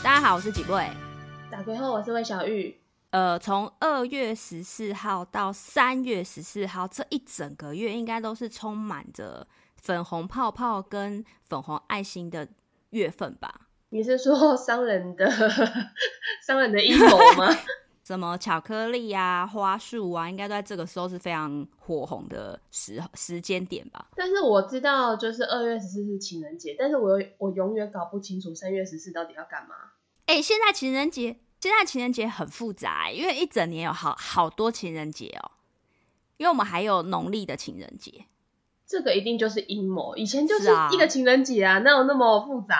大家好，我是幾位？打括後我是魏小玉。呃，從二月十四號到三月十四號這一整個月，應該都是充滿着粉紅泡泡跟粉紅愛心的月份吧？你是說商人的商人的陰謀嗎？ 什麼巧克力啊，花束啊，應該都在這個時候是非常火紅的時時間點吧。但是我知道，就是二月十四是情人節，但是我永我永遠搞不清楚三月十四到底要幹嘛。哎、欸，現在情人節，現在情人節很複雜、欸，因為一整年有好好多情人節哦、喔。因為我們還有農曆的情人節，這個一定就是陰謀。以前就是一個情人節啊，啊哪有那麼複雜？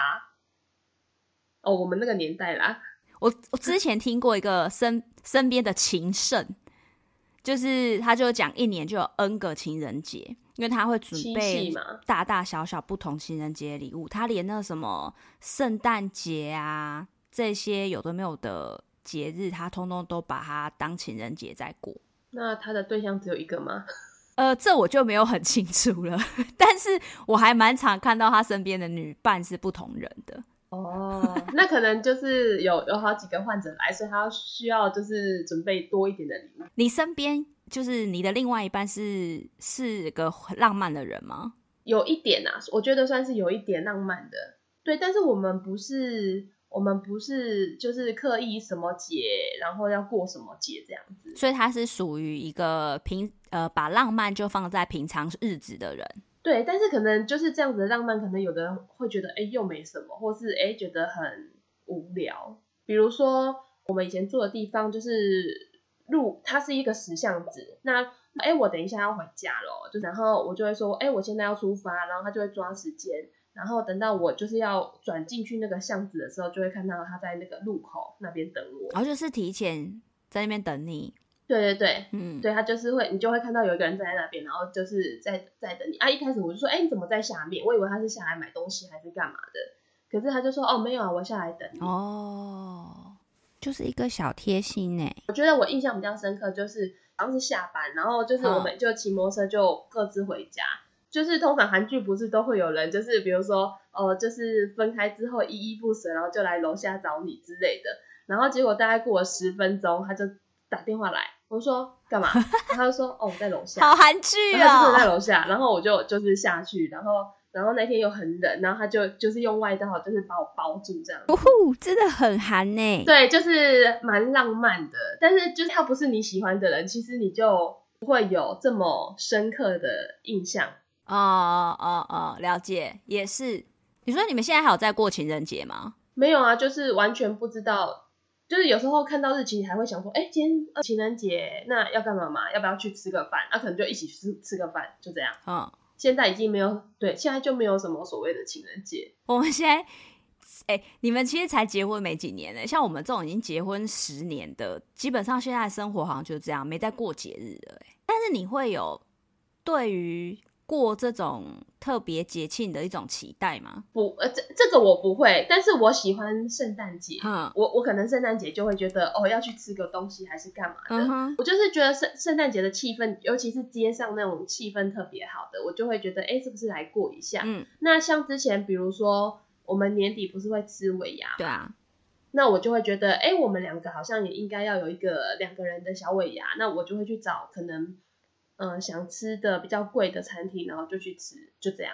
哦，我們那個年代啦。我我之前聽過一個生。嗯身邊的情聖，就是他，就講一年就有 N 個情人節，因為他會準備大大小小不同情人節的禮物。他連那什麼聖誕節啊，這些有的沒有的節日，他通通都把它當情人節在過。那他的對象只有一個嗎？呃，這我就沒有很清楚了，但是我還蠻常看到他身邊的女伴是不同人的。哦，oh, 那可能就是有有好幾個患者來，所以他需要就是準備多一點的禮物。你身邊就是你的另外一半是是個浪漫的人嗎？有一點啊，我覺得算是有一點浪漫的。對，但是我們不是，我們不是就是刻意什麼節，然後要過什麼節這樣子。所以他是屬於一個平，呃，把浪漫就放在平常日子的人。對，但是可能就是這樣子的浪漫，可能有的人會覺得，哎，又沒什麼，或是哎，覺得很無聊。比如說，我們以前住的地方就是路，它是一個死巷子。那哎，我等一下要回家咯，就然後我就會說，哎，我現在要出發，然後他就會抓時間，然後等到我就是要轉進去那個巷子的時候，就會看到他在那個路口那邊等我，然後、哦、就是提前在那邊等你。對對對，嗯，對，他就是會，你就會看到有一個人站在那邊，然後就是在在等你。啊，一開始我就說，哎、欸，你怎麼在下面？我以為他是下來買東西還是幹嘛的。可是他就說，哦，沒有啊，我下來等你。哦，就是一個小貼心呢。我覺得我印象比較深刻，就是當時下班，然後就是我們就騎摩托車就各自回家。哦、就是通常韓劇不是都會有人，就是比如說，呃，就是分開之後依依不捨，然後就來樓下找你之類的。然後結果大概過了十分鐘，他就打電話來。我說幹嘛？ 然後他就說哦，在樓下。好韓劇啊、哦，真的在樓下，然後我就就是下去，然後然後那天又很冷，然後他就就是用外套就是把我包住這樣。嗚、哦、呼，真的很韓呢。對，就是蠻浪漫的，但是就是他不是你喜歡的人，其實你就不會有這麼深刻的印象。哦哦哦，了解，也是。你說你們現在還有在過情人節嗎？沒有啊，就是完全不知道。就是有時候看到日期，還會想說，哎、欸，今天情人節，那要幹嘛嘛？要不要去吃個飯？那、啊、可能就一起吃吃個飯，就這樣。嗯，現在已經沒有，對，現在就沒有什麼所謂的情人節。我們現在，哎、欸，你們其實才結婚沒幾年了、欸，像我們這種已經結婚十年的，基本上現在生活好像就這樣，沒再過節日了、欸。哎，但是你會有對於。過這種特別節慶的一種期待嗎？不，呃，這這個我不會，但是我喜歡聖誕節。嗯，我我可能聖誕節就會覺得哦，要去吃個東西還是幹嘛的。嗯哼，我就是覺得聖聖誕節的氣氛，尤其是街上那種氣氛特別好的，我就會覺得，哎，是不是來過一下？嗯，那像之前比如說我們年底不是會吃尾牙？對啊，那我就會覺得，哎，我們兩個好像也應該要有一個兩個人的小尾牙，那我就會去找可能。呃、嗯，想吃的比較貴的餐廳，然後就去吃，就這樣。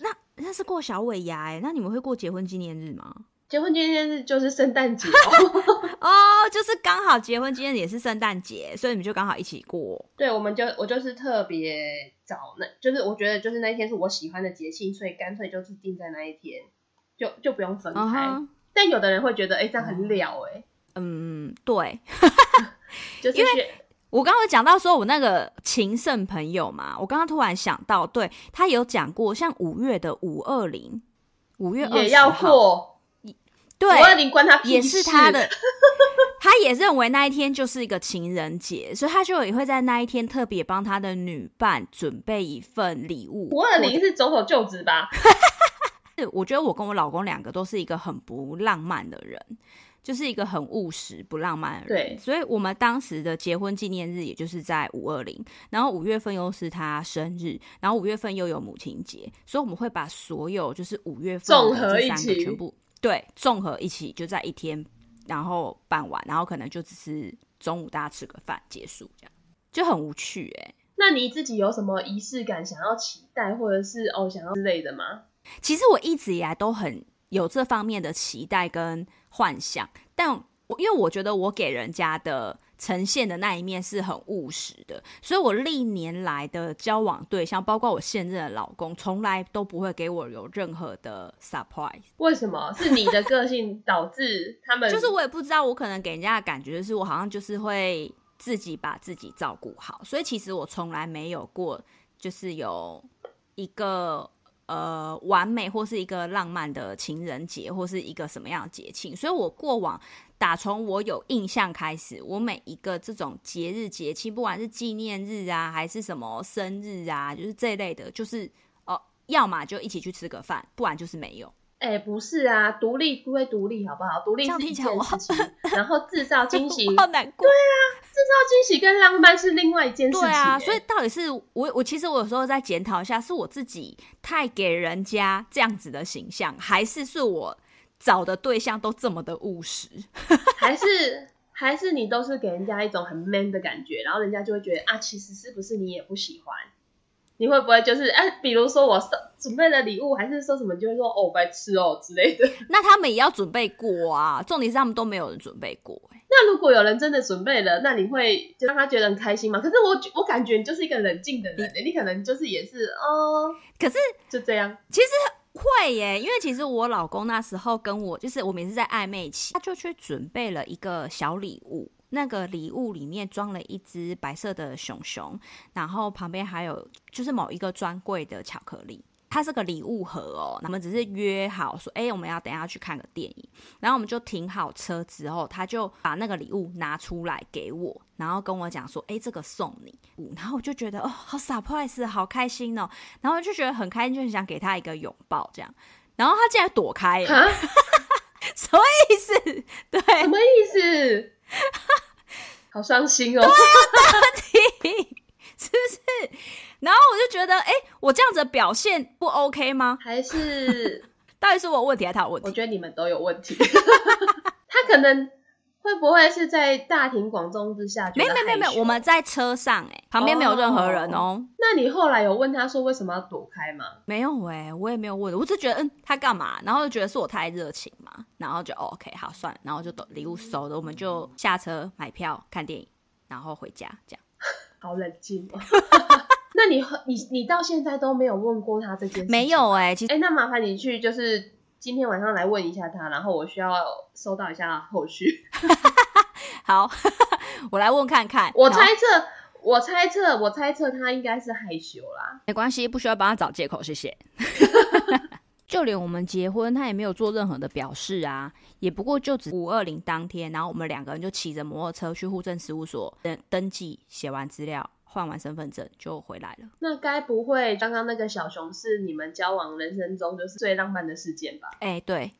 那那是過小尾牙耶，那你們會過結婚紀念日嗎？結婚紀念日就是聖誕節哦， oh, 就是剛好結婚紀念日也是聖誕節，所以你們就剛好一起過。對，我們就我就是特別找那，就是我覺得就是那一天是我喜歡的節慶，所以乾脆就是定在那一天，就就不用分開。Uh huh. 但有的人會覺得，哎、欸，這樣很了哎、欸嗯。嗯，對， 就是因為。我剛剛有講到說，我那個情聖朋友嘛，我剛剛突然想到，對，他有講過，像五月的五二零，五月二十也要過五二零，對五二零關他屁事也是他的，他也認為那一天就是一個情人節，所以他就也會在那一天特別幫他的女伴準備一份禮物。五二零是走走就職吧？ 是，我覺得我跟我老公兩個都是一個很不浪漫的人。就是一個很務實、不浪漫的人，對，所以我們當時的結婚紀念日，也就是在五二零，然後五月份又是他生日，然後五月份又有母親節，所以我們會把所有就是五月份的這三個綜合一起全部對，綜合一起就在一天，然後辦完，然後可能就只是中午大家吃個飯結束，這樣就很無趣哎、欸。那你自己有什麼儀式感想要期待，或者是哦想要之類的嗎？其實我一直以來都很。有這方面的期待跟幻想，但我因為我覺得我給人家的呈現的那一面是很務實的，所以我歷年來的交往對象，包括我現任的老公，從來都不會給我有任何的 surprise。為什麼？是你的個性導致他們？ 就是我也不知道，我可能給人家的感覺就是我好像就是會自己把自己照顧好，所以其實我從來沒有過就是有一個。呃，完美或是一個浪漫的情人節，或是一個什麼樣的節慶？所以，我過往打從我有印象開始，我每一個這種節日節慶，不管是紀念日啊，還是什麼生日啊，就是這一類的，就是哦、呃，要麼就一起去吃個飯，不然就是沒有。哎、欸，不是啊，獨立歸獨立，好不好？獨立是一件事情這樣子講，我 好然後製造驚喜， 好難過。對啊，製造驚喜跟浪漫是另外一件事情、欸。對啊，所以到底是我，我其實我有時候在檢討一下，是我自己太給人家這樣子的形象，還是是我找的對象都這麼的務實， 還是還是你都是給人家一種很 man 的感覺，然後人家就會覺得啊，其實是不是你也不喜歡？你會不會就是哎、啊，比如說我準備了禮物，還是說什麼，就會說哦，白吃哦之類的。那他們也要準備過啊， 重點是他們都沒有人準備過。那如果有人真的準備了，那你會就讓他覺得很開心嗎？可是我我感覺你就是一個冷靜的人，你，你可能就是也是哦。可是就這樣，其實會耶、欸，因為其實我老公那時候跟我就是我們也是在曖昧期，他就去準備了一個小禮物。那個禮物裡面裝了一隻白色的熊熊，然後旁邊還有就是某一個專櫃的巧克力，它是個禮物盒哦。我們只是約好說，哎、欸，我們要等一下去看個電影，然後我們就停好車之後，他就把那個禮物拿出來給我，然後跟我講說，哎、欸，這個送你，嗯。然後我就覺得哦，好 surprise，好開心哦，然後我就覺得很開心，就很想給他一個擁抱，這樣，然後他竟然躲開了，蛤 什麼意思？對，什麼意思？ 好傷心哦！對啊、到底、 是不是？然後我就覺得，哎、欸，我這樣子的表現不 OK 嗎？還是 到底是我的問題還是他有問題？我覺得你們都有問題。 他可能會不會是在大庭廣眾之下？ 沒沒沒有。我們在車上，哎、欸，旁邊沒有任何人、喔、哦。那你後來有問他說為什麼要躲開嗎？沒有，哎、欸，我也沒有問，我就覺得，嗯，他幹嘛？然後就覺得是我太熱情。然後就 OK，好算，然後就都禮物收了，我們就下車買票，看電影，然後回家，這樣好冷靜哦。 那你你你到現在都沒有問過他這件事？沒有哎、欸，其實，哎、欸，那麻煩你去，就是今天晚上來問一下他，然後我需要收到一下後續。 好， 我來問看看。我猜測，後我猜測，我猜測他應該是害羞啦。沒關係，不需要幫他找借口，謝謝。 就連我們結婚，他也沒有做任何的表示啊，也不過就只五二零當天，然後我們兩個人就騎着摩托車去戶政事務所登登記，寫完資料，換完身份證就回來了。那該不會剛剛那個小熊是你們交往人生中就是最浪漫的事件吧？哎、欸，對，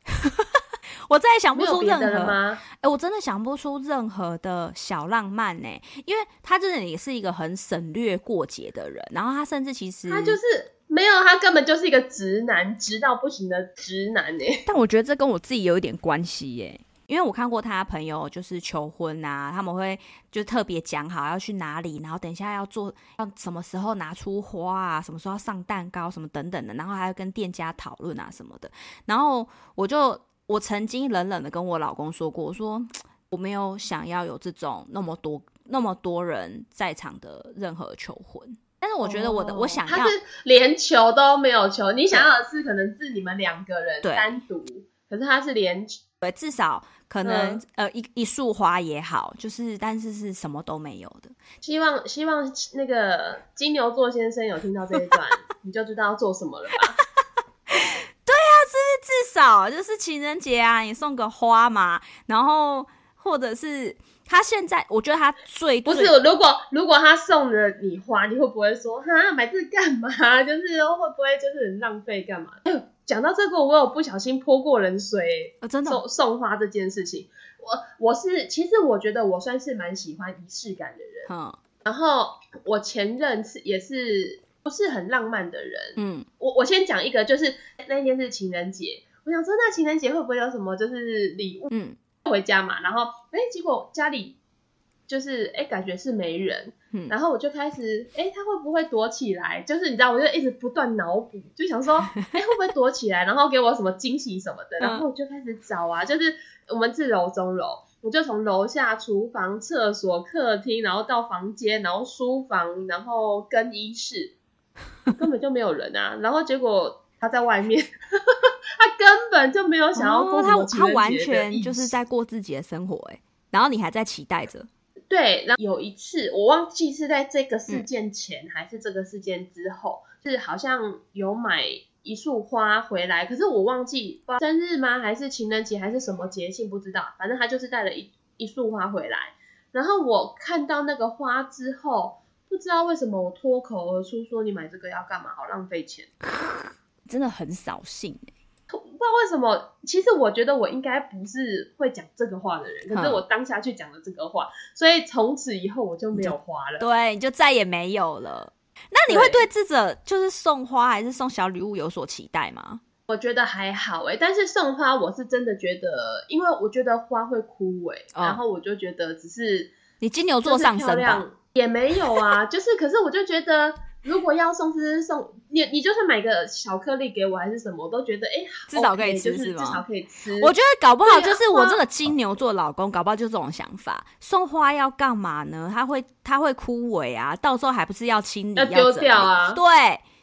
我再也想不出任何，哎、欸，我真的想不出任何的小浪漫呢、欸，因為他真的也是一個很省略過節的人，然後他甚至其實他就是。沒有，他根本就是一個直男，直到不行的直男哎。但我覺得這跟我自己有一點關係耶，因為我看過他的朋友就是求婚啊，他們會就特別講好要去哪裡，然後等一下要做，要什麼時候拿出花啊，什麼時候要上蛋糕，什麼等等的，然後還要跟店家討論啊什麼的。然後我就我曾經冷冷的跟我老公說過，我說我沒有想要有這種那麼多那麼多人在場的任何求婚。但是我覺得我的、哦、我想要他是連球都沒有球，對你想要的是可能是你們兩個人單獨，對可是他是連，對，至少可能、嗯、呃一一束花也好，就是但是是什麼都沒有的。希望希望那個金牛座先生有聽到這一段， 你就知道要做什麼了吧？ 對啊，是至少就是情人節啊，你送個花嘛，然後或者是。他現在，我覺得他最，最不是。如果如果他送了你花，你會不會說哈買這幹嘛？就是會不會就是很浪費幹嘛？講到這個，我有不小心潑過冷水，哦。真的，送送花這件事情，我我是其實我覺得我算是蠻喜歡儀式感的人。哦，然後我前任是也是不是很浪漫的人。嗯，我我先講一個，就是那天是情人節，我想說那情人節會不會有什麼就是禮物？嗯。回家嘛，然後哎，結果家裡就是哎，感覺是沒人，然後我就開始哎，他會不會躲起來？就是你知道，我就一直不斷腦補，就想說哎，會不會躲起來，然後給我什麼驚喜什麼的。然後我就開始找啊，就是我們自樓中樓，我就從樓下廚房、廁所、客廳，然後到房間，然後書房，然後更衣室，根本就沒有人啊。然後結果他在外面。 他根本就沒有想要過他、哦，他完全就是在過自己的生活。哎，然後你還在期待着。對，然後有一次我忘記是在這個事件前、嗯、還是這個事件之後，就是好像有買一束花回來，可是我忘記生日嗎？還是情人節？還是什麼節慶？不知道。反正他就是帶了一一束花回來。然後我看到那個花之後，不知道為什麼我脫口而出說：“你買這個要幹嘛？好浪費錢，真的很掃興。”不知道為什麼，其實我覺得我應該不是會講這個話的人，嗯、可是我當下去講了這個話，所以從此以後我就沒有花了，你對，你就再也沒有了。那你會對智者就是送花還是送小禮物有所期待嗎？我覺得還好誒、欸。但是送花我是真的覺得，因為我覺得花會枯萎，哦、然後我就覺得只是你金牛座上升吧，也沒有啊， 就是可是我就覺得。如果要送，是送你，你就算買個巧克力給我，還是什麼，我都覺得哎，欸、至少可以吃，OK，就是、是嗎？至少可以吃。我覺得搞不好就是我這個金牛座老公，啊、哇搞不好就這種想法。送花要幹嘛呢？他會他會枯萎啊，到時候還不是要清理，要丟掉啊？對，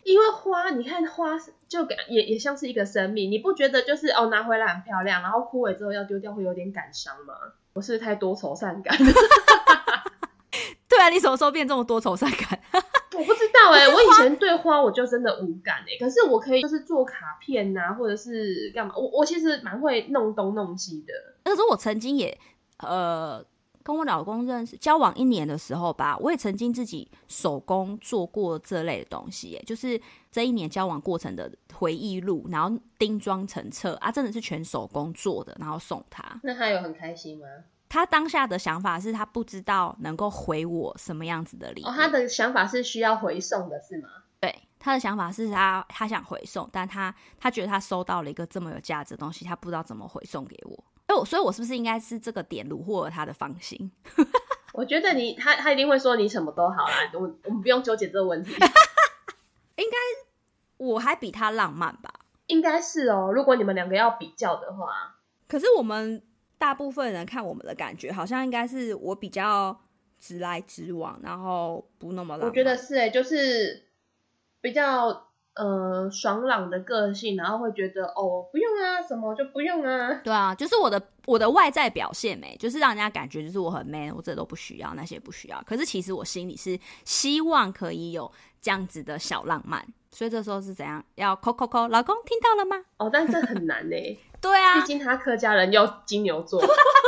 因為花，你看花就感，也也像是一個生命，你不覺得就是哦，拿回來很漂亮，然後枯萎之後要丟掉，會有點感傷嗎？我是太多愁善感了。 對啊，你什麼時候變這麼多愁善感？ 我不知道哎、欸，我以前對花我就真的無感哎、欸。可是我可以就是做卡片吶、啊，或者是幹嘛？我我其實蠻會弄東弄西的。那時候我曾經也呃跟我老公認識交往一年的時候吧，我也曾經自己手工做過這類的東西、欸，就是這一年交往過程的回憶錄，然後釘裝成冊啊，真的是全手工做的，然後送他。那他有很開心嗎？他當下的想法是他不知道能夠回我什麼樣子的禮、哦，他的想法是需要回送的，是嗎？對，他的想法是他他想回送，但他他覺得他收到了一個這麼有價值的東西，他不知道怎麼回送給我。哎、哦，我所以，我是不是應該是這個點虜獲了他的芳心？ 我覺得你他他一定會說你什麼都好啦，我我們不用糾結這個問題。 應該我還比他浪漫吧？應該是哦。如果你們兩個要比較的話，可是我們。大部分人看我們的感覺，好像應該是我比較直來直往，然後不那麼浪漫……我覺得是哎、欸，就是比較。呃，爽朗的個性，然後會覺得哦，不用啊，什麼就不用啊。對啊，就是我的我的外在表現、欸，沒就是讓人家感覺就是我很 man，我這都不需要，那些不需要。可是其實我心裡是希望可以有這樣子的小浪漫，所以這時候是怎樣？要扣扣扣，老公聽到了嗎？哦，但是很難呢、欸。 對啊，畢竟他客家人又金牛座。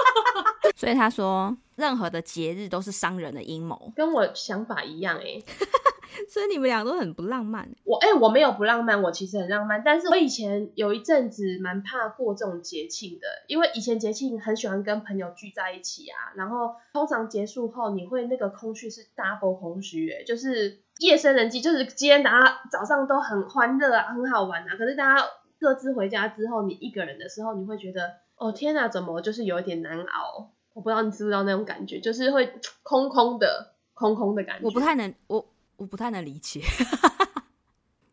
所以他說，任何的節日都是商人的陰謀，跟我想法一樣哎、欸。 所以你們倆都很不浪漫、欸。我哎、欸，我沒有不浪漫，我其實很浪漫。但是我以前有一陣子蠻怕過這種節慶的，因為以前節慶很喜歡跟朋友聚在一起啊。然後通常結束後，你會那個空虛是 double 空虛、欸，就是夜深人靜，就是今天大家早上都很歡樂啊，很好玩啊。可是大家各自回家之後，你一個人的時候，你會覺得哦天哪、啊，怎麼就是有一點難熬。我不知道你知不知道那種感覺，就是會空空的、空空的感覺。我不太能，我我不太能理解。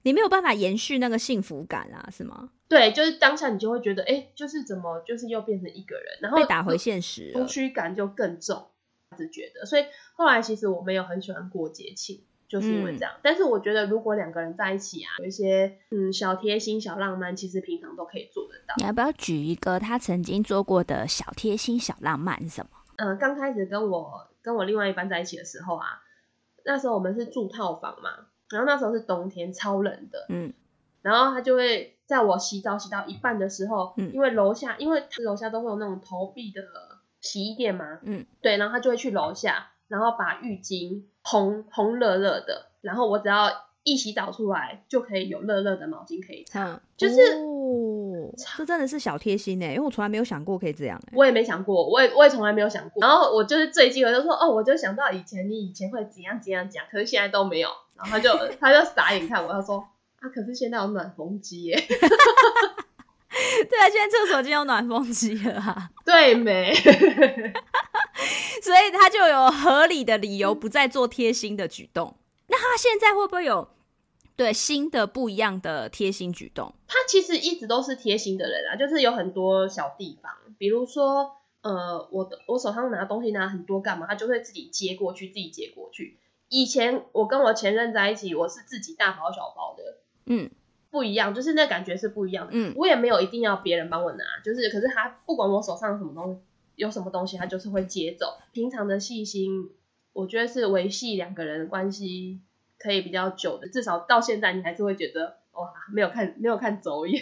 你沒有辦法延續那個幸福感啊，是嗎？對，就是當下你就會覺得，哎，就是怎麼，就是又變成一個人，然後被打回現實，空虛感就更重。只覺得，所以後來其實我沒有很喜歡過節慶。就是因為這樣，嗯，但是我覺得如果兩個人在一起啊，有一些嗯，小貼心小浪漫，其實平常都可以做得到。你要不要舉一個他曾經做過的小貼心小浪漫是什麼？呃，剛開始跟我跟我另外一半在一起的時候啊，那時候我們是住套房嘛，然後那時候是冬天，超冷的，嗯，然後他就會在我洗澡洗到一半的時候，嗯，因為樓下，因為他樓下都會有那種投幣的洗衣店嘛，嗯，對，然後他就會去樓下。然後把浴巾烘烘熱熱的，然後我只要一洗澡出來，就可以有熱熱的毛巾可以擦。嗯、就是、哦、超這真的是小貼心呢，因為我從來沒有想過可以這樣，我也沒想過，我也我也從來沒有想過。然後我就是最近我就說哦，我就想到以前你以前會怎樣怎樣講，可是現在都沒有。然後他就他就傻眼看我，他 說啊，可是現在有暖風機耶。 對啊，現在廁所已經有暖風機了、啊，對沒美？ 所以他就有合理的理由不再做貼心的舉動。嗯，那他現在會不會有，對，新的不一樣的貼心舉動？他其實一直都是貼心的人啊，就是有很多小地方，比如說，呃，我的我手上拿東西拿很多幹嘛，他就會自己接過去，自己接過去。以前我跟我前任在一起，我是自己大包小包的，嗯，不一樣，就是那感覺是不一樣的。嗯，我也沒有一定要別人幫我拿，就是，可是他不管我手上有什麼東西，有什麼東西，他就是會接走。平常的細心，我覺得是維繫兩個人的關係可以比較久的。至少到現在，你還是會覺得哇，沒有看沒有看走眼。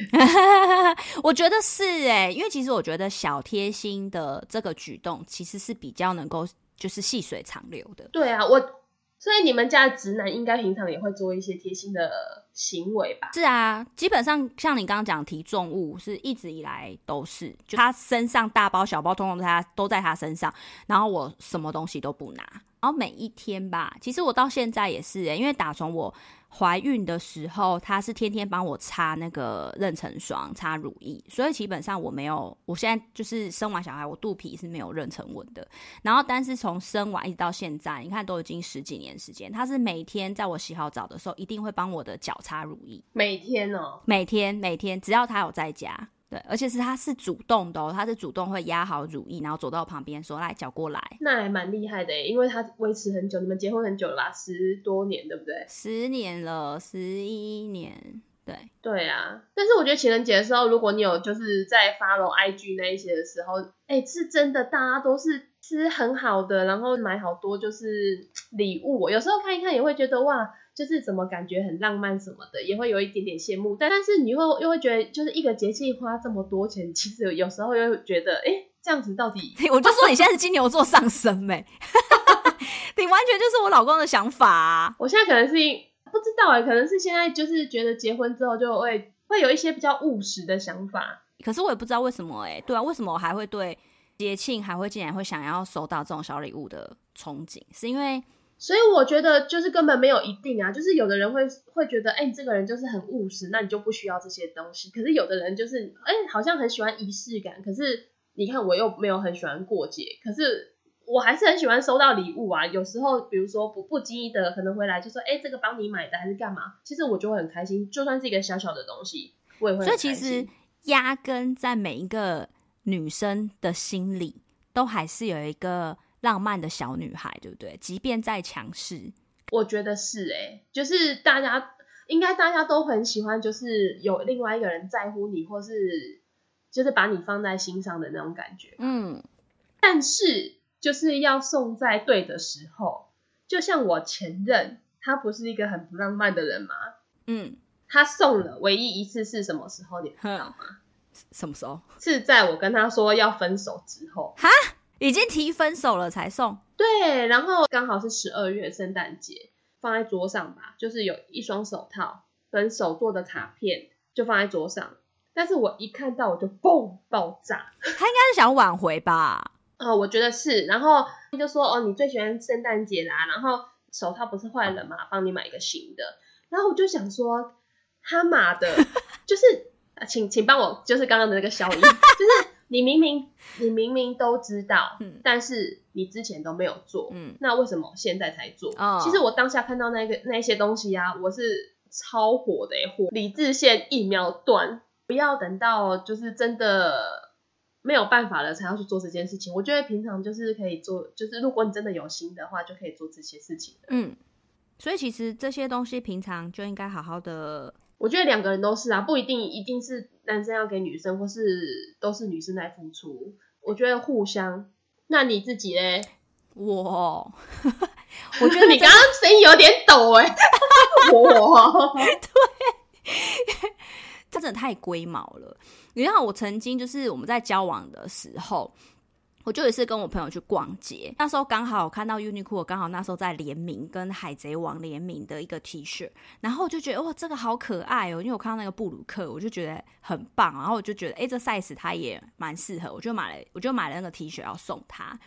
我覺得是哎、欸，因為其實我覺得小貼心的這個舉動，其實是比較能夠就是細水長流的。對啊，我。所以你們家的直男應該平常也會做一些貼心的行為吧？是啊，基本上像你剛剛講提重物是一直以來都是，就他身上大包小包通通在，統統他都在他身上，然後我什麼東西都不拿，然後每一天吧，其實我到現在也是，誒，因為打從我。懷孕的時候，他是天天幫我擦那個妊娠霜，擦乳液，所以基本上我沒有，我現在就是生完小孩，我肚皮是沒有妊娠紋的。然後，但是從生完一直到現在，你看都已經十幾年時間，他是每天在我洗好澡的時候，一定會幫我的腳擦乳液，每天哦，每天，每天，只要他有在家。對，而且是他是主動的哦，他是主動會壓好乳液，然後走到我旁邊說：“來，腳過來。”那還蠻厲害的，因為他維持很久，你們結婚很久了啦，十多年，對不對？十年了，十一年，對。對啊，但是我覺得情人節的時候，如果你有就是在 follow IG 那一些的時候，哎，是真的，大家都是吃很好的，然後買好多就是禮物，有時候看一看也會覺得哇。就是怎麼感覺很浪漫什麼的，也會有一點點羨慕，但但是你又會又會覺得，就是一個節慶花這麼多錢，其實有時候又會覺得，哎，這樣子到底？我就說你現在是金牛座上升、欸，哎， 你完全就是我老公的想法啊！我現在可能是不知道哎、欸，可能是現在就是覺得結婚之後就會會有一些比較務實的想法，可是我也不知道為什麼哎、欸。對啊，為什麼我還會對節慶還會竟然會想要收到這種小禮物的憧憬？是因為。所以我覺得就是根本沒有一定啊，就是有的人會會覺得，哎、欸，你這個人就是很務實，那你就不需要這些東西。可是有的人就是，哎、欸，好像很喜歡儀式感。可是你看我又沒有很喜歡過節，可是我還是很喜歡收到禮物啊。有時候比如說不不經意的，可能回來就說，哎、欸，這個幫你買的還是幹嘛？其實我就會很開心，就算是一個小小的東西，我也會很開心。所以其實壓根在每一個女生的心裡，都還是有一個。浪漫的小女孩，對不對？即便再強勢，我覺得是哎、欸，就是大家應該大家都很喜歡，就是有另外一個人在乎你，或是就是把你放在心上的那種感覺。嗯，但是就是要送在對的時候。就像我前任，他不是一個很不浪漫的人嗎？嗯，他送了唯一一次是什麼時候？你知道嗎？什麼時候是在我跟他說要分手之後？哈。已經提分手了才送，對，然後剛好是十二月聖誕節，放在桌上吧，就是有一雙手套跟手做的卡片，就放在桌上。但是我一看到我就嘣爆炸，他應該是想挽回吧？哦，我覺得是。然後他就說：“哦，你最喜歡聖誕節啦，然後手套不是壞了嘛，幫你買一個新的。”然後我就想說：“他媽的 就是，啊、請請幫我，就是剛剛的那個小姨。 就是。”你明明你明明都知道，嗯、但是你之前都沒有做，嗯、那為什麼現在才做？哦、其實我當下看到那個那些東西啊，我是超火的，火，理智線，一秒斷。不要等到就是真的沒有辦法了，才要去做這件事情。我覺得平常就是可以做，就是如果你真的有心的話，就可以做這些事情。嗯，所以其實這些東西平常就應該好好的。我覺得兩個人都是啊，不一定一定是男生要給女生，或是都是女生在付出，我覺得互相。那你自己嘞？我，我覺得 你剛剛聲音有點抖哎、欸。 我，對，他 真的太龜毛了。你知道我曾經就是我們在交往的時候。我就一次跟我朋友去逛街。那時候剛好我看到 Uniqlo 剛好那時候在聯名，跟海賊王聯名的一個 T 恤，然後我就覺得哇、哦，這個好可愛哦，因為我看到那個布魯克，我就覺得很棒，然後我就覺得哎、欸，這 size 他也蠻適合，我就買了，我就買了那個 T 恤要送他。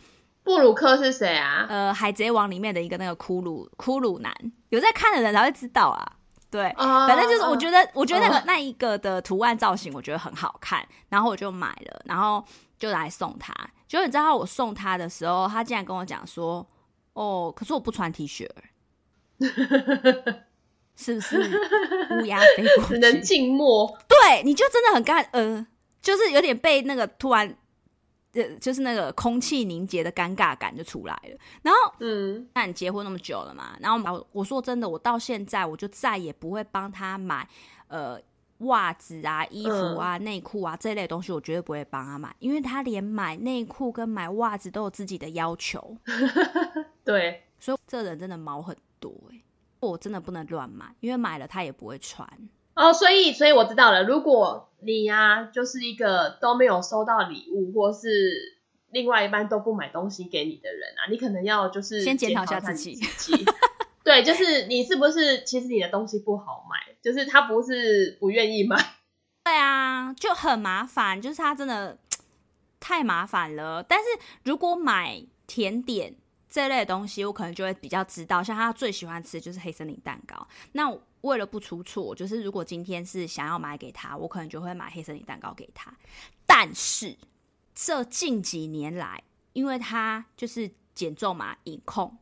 布魯克是誰啊？呃，海賊王裡面的一個那個骷髏骷髏男，有在看的人才會知道啊。對，呃、反正就是我覺得，呃、我覺得那個、呃、那一個的圖案造型，我覺得很好看，然後我就買了，然後就來送他。就你知道我送他的時候，他竟然跟我講說：“哦，可是我不穿 T 恤， 是不是烏鴉飛過去？”只能靜默。對，你就真的很乾，呃，就是有點被那個突然，呃，就是那個空氣凝結的尷尬感就出來了。然後，嗯，那你結婚那麼久了嘛？然後我我說真的，我到現在我就再也不會幫他買，呃。襪子啊、衣服啊、內褲啊、嗯、這一類東西，我絕對不會幫他買，因為他連買內褲跟買襪子都有自己的要求。 對，所以這人真的毛很多欸，我真的不能亂買，因為買了他也不會穿。哦，所以，所以我知道了，如果你呀、啊，就是一個都沒有收到禮物，或是另外一半都不買東西給你的人啊，你可能要就是先檢討一下自己。自己 對，就是你是不是其實你的東西不好買？就是他不是不願意買，對啊，就很麻煩。就是他真的太麻煩了。但是如果買甜點這類的東西，我可能就會比較知道。像他最喜歡吃就是黑森林蛋糕。那為了不出錯，就是如果今天是想要買給他，我可能就會買黑森林蛋糕給他。但是這近幾年來，因為他就是減重嘛，飲控，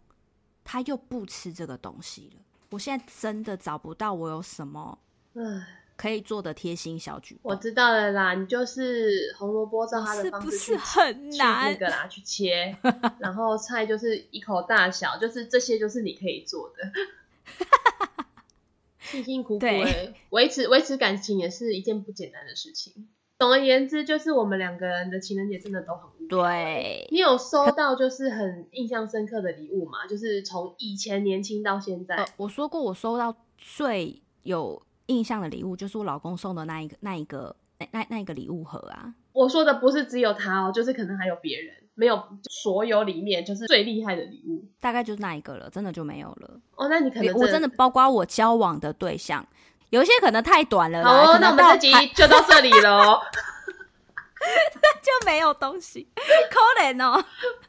他又不吃這個東西了。我現在真的找不到我有什麼可以做的貼心小舉動。我知道了啦，你就是紅蘿蔔照他的方式去，是不是很難去那個啦，去切， 然後菜就是一口大小，就是這些就是你可以做的。 辛辛苦苦哎，維對持維持感情也是一件不簡單的事情。總而言之，就是我們兩個人的情人節真的都很厲害。對，你有收到就是很印象深刻的禮物嗎？就是從以前年輕到現在、哦，我說過我收到最有印象的禮物，就是我老公送的那一個、那一個、那那，那一個禮物盒啊。我說的不是只有他哦，就是可能還有別人，沒有所有裡面就是最厲害的禮物，大概就是那一個了，真的就沒有了。哦，那你可能真我真的包括我交往的對象。有些可能太短了。哦、oh, 那我們這集就到這裡了。 就沒有東西，可能哦、喔，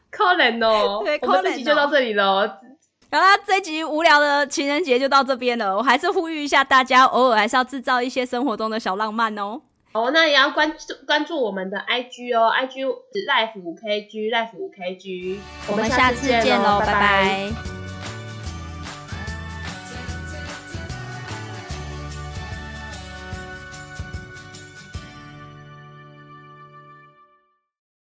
可能哦、喔。對我們這集就到這裡了。然後、喔啊、這集無聊的情人節就到這邊了。我還是呼籲一下大家，偶爾還是要制造一些生活中的小浪漫哦、喔。好，oh, 那也要關注關注我們的 IG 哦、喔、IG life5kg，life5kg。我們下次見嘍，拜拜。拜拜。